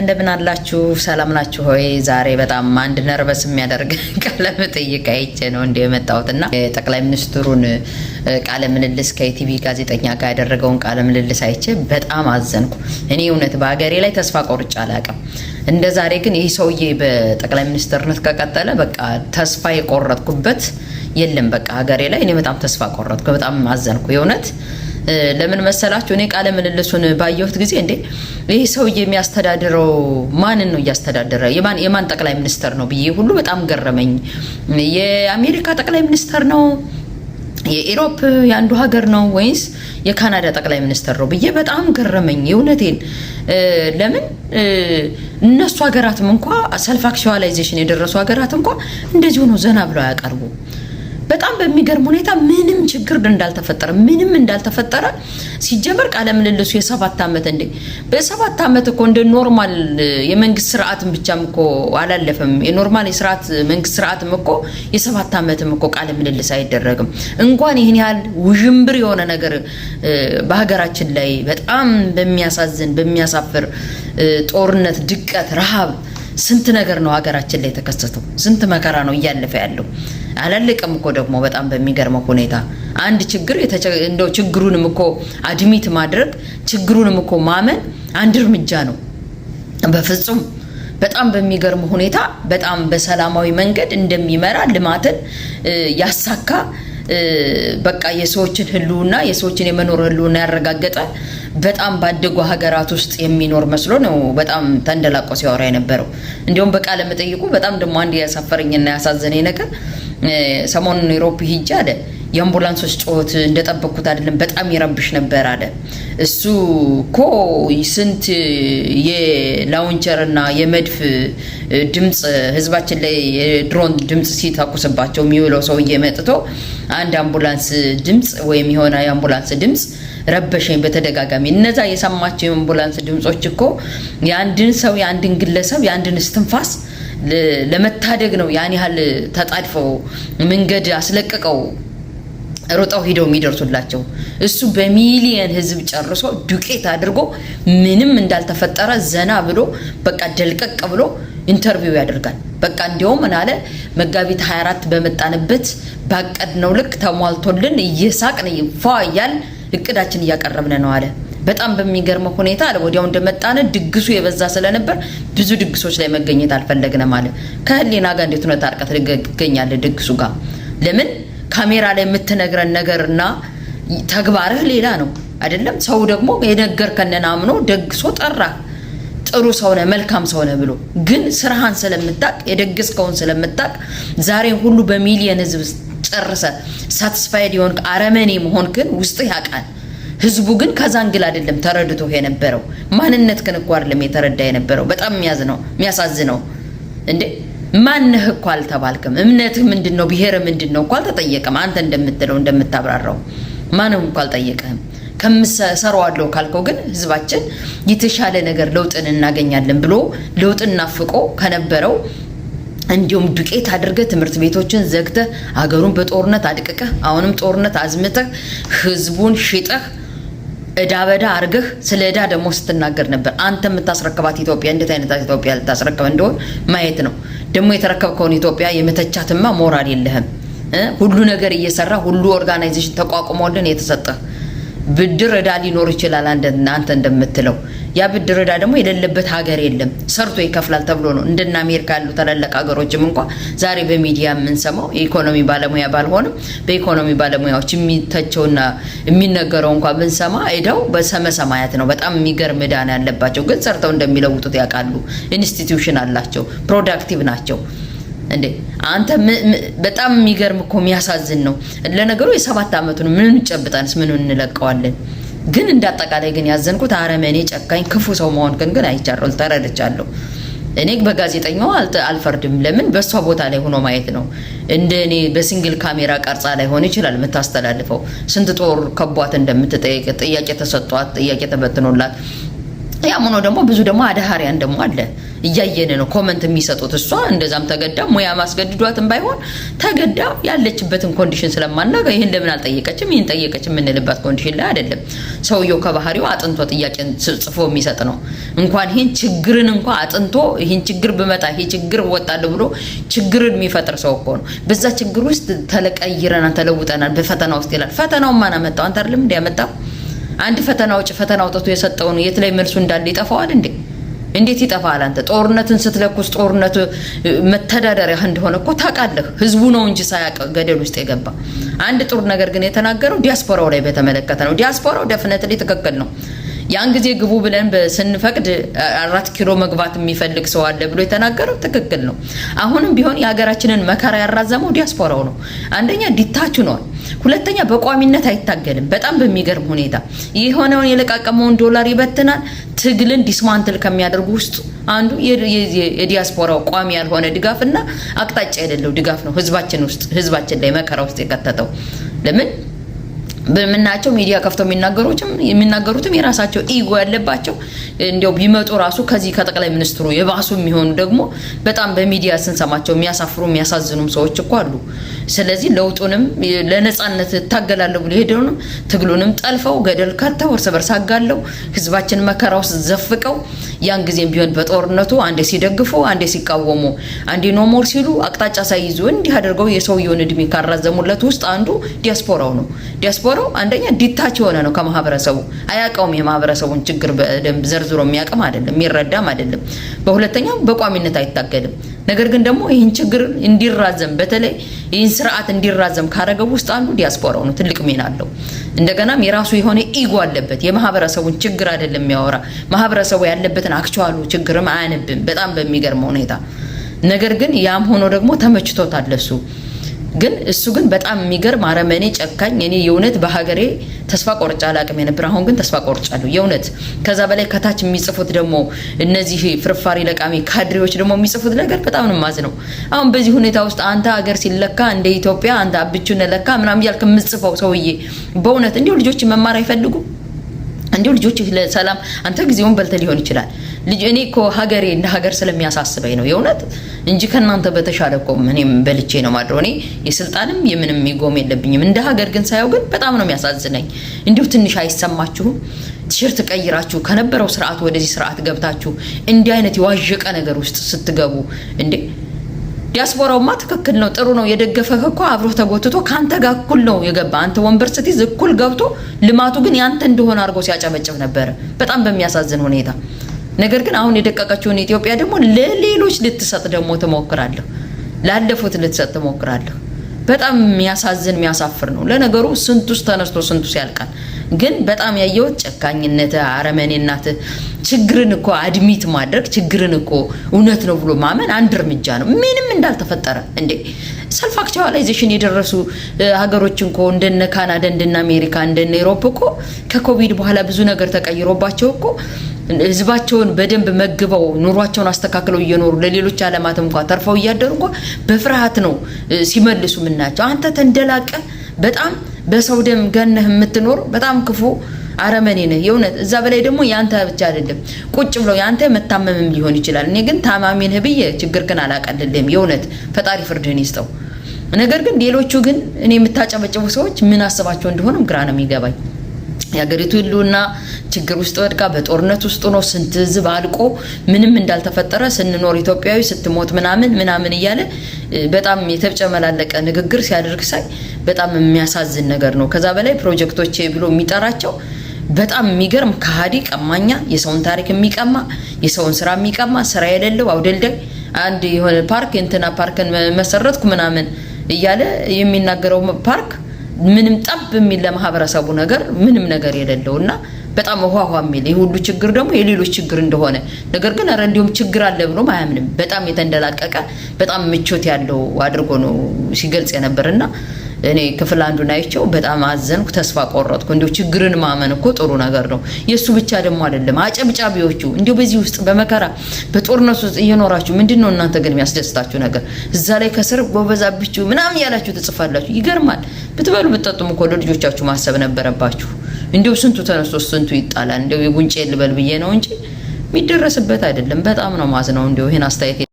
እንደምን አላችሁ? ሰላም ናችሁ ሆይ? ዛሬ በጣም አንድ ነርበስ የሚያደርግ ቃለ መጠይቅ አይቼ ነው እንዲ የመጣሁት እና ጠቅላይ ሚኒስትሩን ቃለ ምልልስ ከኢቲቪ ጋዜጠኛ ጋር ያደረገውን ቃለ ምልልስ አይቼ በጣም አዘንኩ። እኔ እውነት በሀገሬ ላይ ተስፋ ቆርጬ አላውቅም። እንደ ዛሬ ግን ይህ ሰውዬ በጠቅላይ ሚኒስትርነት ከቀጠለ በቃ ተስፋ የቆረጥኩበት የለም። በቃ ሀገሬ ላይ እኔ በጣም ተስፋ ቆረጥኩ፣ በጣም አዘንኩ የእውነት ለምን መሰላችሁ? እኔ ቃለ ምልልሱን ባየሁት ጊዜ እንዴ ይህ ሰው የሚያስተዳድረው ማንን ነው እያስተዳደረ የማን ጠቅላይ ሚኒስተር ነው ብዬ ሁሉ በጣም ገረመኝ። የአሜሪካ ጠቅላይ ሚኒስተር ነው የኢሮፕ የአንዱ ሀገር ነው ወይስ የካናዳ ጠቅላይ ሚኒስተር ነው ብዬ በጣም ገረመኝ። የእውነቴን ለምን እነሱ ሀገራትም እንኳ ሰልፍ አክቹዋላይዜሽን የደረሱ ሀገራት እንኳ እንደዚሁ ነው ዘና ብለው ያቀርቡ በጣም በሚገርም ሁኔታ ምንም ችግር እንዳልተፈጠረ ምንም እንዳልተፈጠረ ሲጀመር ቃለ ምልልሱ የሰባት ዓመት እንዴ! በሰባት ዓመት እኮ እንደ ኖርማል የመንግስት ስርዓትን ብቻም እኮ አላለፈም። የኖርማል የስርዓት መንግስት ስርዓትም እኮ የሰባት ዓመትም እኮ ቃለ ምልልስ አይደረግም። እንኳን ይህን ያህል ውዥንብር የሆነ ነገር በሀገራችን ላይ በጣም በሚያሳዝን በሚያሳፍር ጦርነት፣ ድቀት፣ ረሃብ ስንት ነገር ነው ሀገራችን ላይ የተከሰተው። ስንት መከራ ነው እያለፈ ያለው። አላለቀም እኮ ደግሞ በጣም በሚገርመው ሁኔታ አንድ ችግር እንደው ችግሩንም እኮ አድሚት ማድረግ ችግሩንም እኮ ማመን አንድ እርምጃ ነው። በፍጹም በጣም በሚገርም ሁኔታ በጣም በሰላማዊ መንገድ እንደሚመራ ልማትን ያሳካ በቃ የሰዎችን ህልውና የሰዎችን የመኖር ህልውና ያረጋገጠ በጣም ባደጉ ሀገራት ውስጥ የሚኖር መስሎ ነው በጣም ተንደላቆ ሲያወራ የነበረው። እንዲሁም በቃለ መጠይቁ በጣም ደግሞ አንድ ያሳፈረኝና ያሳዘነኝ ነገር ሰሞኑን ሮፕ ሂጅ አለ። የአምቡላንሶች ጩኸት እንደጠበቅኩት አይደለም፣ በጣም ይረብሽ ነበር አለ። እሱ እኮ ስንት የላውንቸርና የመድፍ ድምፅ ህዝባችን ላይ የድሮን ድምፅ ሲታኩስባቸው የሚውለው ሰውዬ መጥቶ አንድ አምቡላንስ ድምፅ ወይም የሆነ የአምቡላንስ ድምፅ ረበሸኝ በተደጋጋሚ። እነዛ የሰማቸው የአምቡላንስ ድምፆች እኮ የአንድን ሰው የአንድን ግለሰብ የአንድን እስትንፋስ ለመታደግ ነው ያን ያህል ተጣድፈው መንገድ አስለቀቀው ሮጠው ሂደው የሚደርሱላቸው እሱ በሚሊየን ህዝብ ጨርሶ ዱቄት አድርጎ ምንም እንዳልተፈጠረ ዘና ብሎ በቃ ደልቀቅ ብሎ ኢንተርቪው ያደርጋል። በቃ እንዲያውም ምን አለ መጋቢት 24 በመጣንበት ባቀድነው ልክ ተሟልቶልን እየሳቅን ፏ እያል እቅዳችን እያቀረብን ነው አለ። በጣም በሚገርመው ሁኔታ ወዲያው እንደመጣነ ድግሱ የበዛ ስለነበር ብዙ ድግሶች ላይ መገኘት አልፈለግነ ማለት ከህሊና ጋር እንዴት ነው ታርቀት ልገኛለ ድግሱ ጋር ለምን ካሜራ ላይ የምትነግረን ነገርና ተግባርህ ሌላ ነው አይደለም ሰው ደግሞ የነገርከንን አምኖ ደግሶ ጠራ ጥሩ ሰውነ መልካም ሰውነ ብሎ ግን ስራህን ስለምታቅ የደግስከውን ስለምታቅ ዛሬ ሁሉ በሚሊየን ህዝብ ጨርሰ ሳትስፋይድ የሆን አረመኔ መሆንክን ውስጥ ያውቃል ህዝቡ ግን ከዛንግል አይደለም ተረድቶ የነበረው ማንነት ግን እኮ አይደለም የተረዳ የነበረው። በጣም የሚያዝነው የሚያሳዝነው እንዴ ማንህ እኮ አልተባልክም። እምነትህ ምንድን ነው? ብሔር ምንድን ነው እኮ አልተጠየቀም። አንተ እንደምትለው እንደምታብራራው ማንም እኮ አልጠየቀህም። አለው ካልከው ግን ህዝባችን የተሻለ ነገር ለውጥን እናገኛለን ብሎ ለውጥን ናፍቆ ከነበረው እንዲሁም ዱቄት አድርገህ ትምህርት ቤቶችን ዘግተህ አገሩን በጦርነት አድቅቀህ አሁንም ጦርነት አዝምተህ ህዝቡን ሽጠህ እዳ በዳ አርገህ ስለ እዳ ደግሞ ስትናገር ነበር። አንተ የምታስረከባት ኢትዮጵያ እንዴት አይነት ኢትዮጵያ ልታስረከብ እንደሆን ማየት ነው። ደግሞ የተረከብከውን ኢትዮጵያ የመተቻትማ ሞራል የለህም። ሁሉ ነገር እየሰራ ሁሉ ኦርጋናይዜሽን ተቋቁሞልን የተሰጠህ ብድር እዳ ሊኖር ይችላል። አንተ እንደምትለው ያ ብድር እዳ ደግሞ የሌለበት ሀገር የለም። ሰርቶ ይከፍላል ተብሎ ነው። እንደነ አሜሪካ ያሉ ታላላቅ ሀገሮችም እንኳ ዛሬ በሚዲያ የምንሰማው የኢኮኖሚ ባለሙያ ባልሆንም በኢኮኖሚ ባለሙያዎች የሚተቸውና የሚነገረው እንኳ ብንሰማ እዳው በሰመሰማያት ነው። በጣም የሚገርም እዳ ነው ያለባቸው። ግን ሰርተው እንደሚለውጡት ያውቃሉ። ኢንስቲትዩሽን አላቸው። ፕሮዳክቲቭ ናቸው። እንዴ አንተ በጣም የሚገርም እኮ የሚያሳዝን ነው። ለነገሩ የሰባት ዓመቱ ነው። ምን ጨብጠንስ ምን እንለቀዋለን? ግን እንዳጠቃላይ ግን ያዘንኩት አረመኔ፣ ጨካኝ፣ ክፉ ሰው መሆን ግን ግን አይቻለሁ፣ ተረድቻለሁ። እኔ በጋዜጠኛው አልፈርድም። ለምን በእሷ ቦታ ላይ ሆኖ ማየት ነው። እንደ እኔ በሲንግል ካሜራ ቀርጻ ላይ ሆን ይችላል የምታስተላልፈው። ስንት ጦር ከቧት እንደምትጠየቅ ጥያቄ ተሰጧት፣ ጥያቄ ተበትኖላት ያም ሆኖ ደግሞ ብዙ ደግሞ አድሃሪያን ደግሞ አለ፣ እያየን ነው ኮመንት የሚሰጡት። እሷ እንደዛም ተገዳ ሙያ ማስገድዷትም ባይሆን ተገዳ ያለችበትን ኮንዲሽን ስለማናገ ይህን ለምን አልጠየቀችም ይህን ጠየቀች የምንልበት ኮንዲሽን ላይ አይደለም። ሰውየው ከባህሪው አጥንቶ ጥያቄን ጽፎ የሚሰጥ ነው። እንኳን ይህን ችግርን እንኳ አጥንቶ ይህን ችግር ብመጣ ይሄ ችግር እወጣለሁ ብሎ ችግርን የሚፈጥር ሰው እኮ ነው። በዛ ችግር ውስጥ ተለቀይረናል፣ ተለውጠናል፣ በፈተና ውስጥ ይላል። ፈተናው ማን አመጣው? አንተ አይደለም እንዲያመጣው አንድ ፈተና ውጭ ፈተና አውጥቶ የሰጠውን የት ላይ መልሱ እንዳለ ይጠፋዋል እንዴ? እንዴት ይጠፋል? አንተ ጦርነትን ስትለኩስ ጦርነቱ መተዳደሪያ እንደሆነ እኮ ታውቃለህ። ህዝቡ ነው እንጂ ሳያውቅ ገደል ውስጥ የገባ። አንድ ጥሩ ነገር ግን የተናገረው ዲያስፖራው ላይ በተመለከተ ነው። ዲያስፖራው ደፍነት ላይ ትክክል ነው። ያን ጊዜ ግቡ ብለን ስንፈቅድ አራት ኪሎ መግባት የሚፈልግ ሰው አለ ብሎ የተናገረው ትክክል ነው። አሁንም ቢሆን የሀገራችንን መከራ ያራዘመው ዲያስፖራው ነው። አንደኛ ዲታች ነዋል፣ ሁለተኛ በቋሚነት አይታገልም። በጣም በሚገርም ሁኔታ የሆነውን የለቃቀመውን ዶላር ይበትናል። ትግልን ዲስማንትል ከሚያደርጉ ውስጥ አንዱ የዲያስፖራው ቋሚ ያልሆነ ድጋፍና አቅጣጫ የሌለው ድጋፍ ነው። ህዝባችን ውስጥ ህዝባችን ላይ መከራ ውስጥ የከተተው ለምን በምናቸው ሚዲያ ከፍተው የሚናገሩትም የሚናገሩትም የራሳቸው ኢጎ ያለባቸው እንዲያው ቢመጡ ራሱ ከዚህ ከጠቅላይ ሚኒስትሩ የባሱ የሚሆኑ ደግሞ በጣም በሚዲያ ስንሰማቸው የሚያሳፍሩ የሚያሳዝኑም ሰዎች እኮ አሉ። ስለዚህ ለውጡንም ለነጻነት እታገላለሁ ብሎ ሄደውንም ትግሉንም ጠልፈው ገደል ከተው እርስ በርስ አጋለው ህዝባችን መከራ ውስጥ ዘፍቀው ያን ጊዜም ቢሆን በጦርነቱ አንዴ ሲደግፉ፣ አንዴ ሲቃወሙ፣ አንዴ ኖሞር ሲሉ አቅጣጫ ሳይይዙ እንዲህ አድርገው የሰውየውን እድሜ ካራዘሙለት ውስጥ አንዱ ዲያስፖራው ነው። ዲያስፖራ የሚማረው አንደኛ ዲታች የሆነ ነው ከማህበረሰቡ አያውቀውም። የማህበረሰቡን ችግር በደንብ ዘርዝሮ የሚያውቅም አይደለም፣ የሚረዳም አይደለም። በሁለተኛው በቋሚነት አይታገልም ነገር ግን ደግሞ ይህን ችግር እንዲራዘም በተለይ ይህን ስርዓት እንዲራዘም ካረገው ውስጥ አንዱ ዲያስፖራው ነው። ትልቅ ሚና አለው። እንደገናም የራሱ የሆነ ኢጎ አለበት። የማህበረሰቡን ችግር አይደለም የሚያወራ ማህበረሰቡ ያለበትን አክቹዋሉ ችግርም አያነብም። በጣም በሚገርመው ሁኔታ ነገር ግን ያም ሆኖ ደግሞ ተመችቶታል ለሱ ግን እሱ ግን በጣም የሚገርም አረመኔ፣ ጨካኝ። እኔ የእውነት በሀገሬ ተስፋ ቆርጫ አላቅም የነበር። አሁን ግን ተስፋ ቆርጫለሁ የእውነት። ከዛ በላይ ከታች የሚጽፉት ደግሞ እነዚህ ፍርፋሪ ለቃሚ ካድሬዎች ደግሞ የሚጽፉት ነገር በጣም ንማዝ ነው። አሁን በዚህ ሁኔታ ውስጥ አንተ ሀገር ሲለካ እንደ ኢትዮጵያ አንተ አብቹን ለካ ምናምን እያልክ የምጽፈው ሰውዬ በእውነት እንዲሁ ልጆች መማር አይፈልጉም። እንዲሁ ልጆች ለሰላም አንተ ጊዜውን በልተ ሊሆን ይችላል ልጅ እኔ እኮ ሀገሬ እንደ ሀገር ስለሚያሳስበኝ ነው የእውነት እንጂ ከእናንተ በተሻለ እኮ እኔም በልቼ ነው ማድረው። እኔ የስልጣንም የምንም ሚጎም የለብኝም። እንደ ሀገር ግን ሳየው ግን በጣም ነው የሚያሳዝነኝ። እንዲሁ ትንሽ አይሰማችሁም? ቲሸርት ቀይራችሁ ከነበረው ስርዓት ወደዚህ ስርዓት ገብታችሁ እንዲህ አይነት የዋዠቀ ነገር ውስጥ ስትገቡ እንዴ! ዲያስፖራውማ ትክክል ነው፣ ጥሩ ነው። የደገፈህ እኮ አብሮ ተጎትቶ ከአንተ ጋር እኩል ነው የገባ። አንተ ወንበር ስትይዝ እኩል ገብቶ ልማቱ ግን ያንተ እንደሆነ አድርጎ ሲያጨበጭብ ነበረ፣ በጣም በሚያሳዝን ሁኔታ ነገር ግን አሁን የደቀቀችውን ኢትዮጵያ ደግሞ ለሌሎች ልትሰጥ ደግሞ ትሞክራለሁ፣ ላለፉት ልትሰጥ ትሞክራለሁ። በጣም የሚያሳዝን የሚያሳፍር ነው። ለነገሩ ስንቱስ ተነስቶ ስንቱስ ያልቃል። ግን በጣም ያየሁት ጨካኝነት፣ አረመኔናት። ችግርን እኮ አድሚት ማድረግ ችግርን እኮ እውነት ነው ብሎ ማመን አንድ እርምጃ ነው። ምንም እንዳልተፈጠረ እንዴ ሰልፍ አክቹዋላይዜሽን የደረሱ ሀገሮች እኮ እንደነ ካናዳ፣ እንደነ አሜሪካ፣ እንደነ ኤሮፕ እኮ ከኮቪድ በኋላ ብዙ ነገር ተቀይሮባቸው እኮ ህዝባቸውን በደንብ መግበው ኑሯቸውን አስተካክለው እየኖሩ ለሌሎች አለማት እንኳ ተርፈው እያደሩ እንኳ በፍርሃት ነው ሲመልሱ ምናቸው። አንተ ተንደላቀ በጣም በሰው ደም ገነህ የምትኖር በጣም ክፉ አረመኔ ነህ። የእውነት እዛ በላይ ደግሞ ያንተ ብቻ አይደለም ቁጭ ብለው ያንተ መታመምም ሊሆን ይችላል። እኔ ግን ታማሚን ህብዬ ችግር ግን አላቀልልም። የእውነት ፈጣሪ ፍርድህን ይስጠው። ነገር ግን ሌሎቹ ግን እኔ የምታጨበጭቡ ሰዎች ምን አስባቸው እንደሆነም ግራ ነው የሚገባኝ። የሀገሪቱ ህልውና ችግር ውስጥ ወድቃ በጦርነት ውስጥ ሆኖ ስንት ህዝብ አልቆ ምንም እንዳልተፈጠረ ስንኖር ኢትዮጵያዊ ስትሞት ምናምን ምናምን እያለ በጣም የተጨመላለቀ ንግግር ሲያደርግ ሳይ በጣም የሚያሳዝን ነገር ነው። ከዛ በላይ ፕሮጀክቶቼ ብሎ የሚጠራቸው በጣም የሚገርም ከሃዲ ቀማኛ፣ የሰውን ታሪክ የሚቀማ የሰውን ስራ የሚቀማ ስራ የሌለው አውደልዳይ አንድ የሆነ ፓርክ እንትና ፓርክን መሰረትኩ ምናምን እያለ የሚናገረው ፓርክ ምንም ጠብ የሚል ለማህበረሰቡ ነገር ምንም ነገር የሌለው እና በጣም ውሃ ውሃ የሚል ይህ ሁሉ ችግር ደግሞ የሌሎች ችግር እንደሆነ ነገር ግን ኧረ እንዲሁም ችግር አለ ብሎም አያምንም። በጣም የተንደላቀቀ በጣም ምቾት ያለው አድርጎ ነው ሲገልጽ የነበር እና እኔ ክፍል አንዱን አይቼው በጣም አዘንኩ፣ ተስፋ ቆረጥኩ። እንዲሁ ችግርን ማመን እኮ ጥሩ ነገር ነው። የእሱ ብቻ ደግሞ አይደለም። አጨብጫቢዎቹ እንዲሁ በዚህ ውስጥ በመከራ በጦርነቱ ውስጥ እየኖራችሁ ምንድን ነው እናንተ ግን የሚያስደስታችሁ ነገር? እዛ ላይ ከስር በበዛብችሁ ምናምን ያላችሁ ትጽፋላችሁ። ይገርማል። ብትበሉ ብትጠጡም እኮ ለልጆቻችሁ ማሰብ ነበረባችሁ። እንዲሁ ስንቱ ተነስቶ ስንቱ ይጣላል። እንዲሁ የጉንጭ ልበል ብዬ ነው እንጂ የሚደረስበት አይደለም። በጣም ነው ማዝነው። እንዲሁ ይህን አስተያየት